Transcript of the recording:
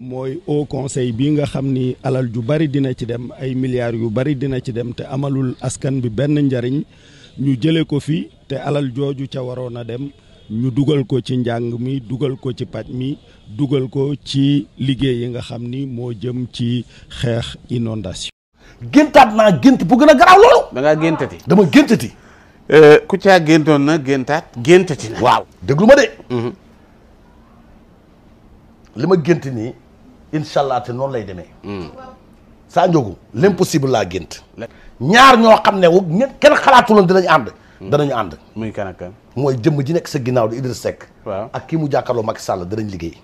mooy au conseil bi nga xam ni alal ju bari dina ci dem ay milliards yu bari dina ci dem te amalul askan bi benn njariñ ñu jële ko fi te alal jooju ca waroon a dem ñu dugal ko ci njàng mi dugal ko ci paj mi dugal ko ci liggéey yi nga xam ni moo jëm ci xeex inondation géntaat naa gént bu gën a garaaw loolu da ngaa géntati dama géntati euh, ku ca géntoon na géntaat géntati na waaw déglu ma de mm-hmm. li ma gént nii incha allah te noonu lay demee. Hmm. saa njóogu hmm. l'impossible laa gént. ñaar ñoo xam ne wu kenn xalaatuloon dinañ ànd. Hmm. danañu ànd. muy kan ak kan. mooy jëmm ji nekk sa ginnaaw di Idriss Seck. ak kii mu jàkkaarloo Macky Sall danañ liggéey.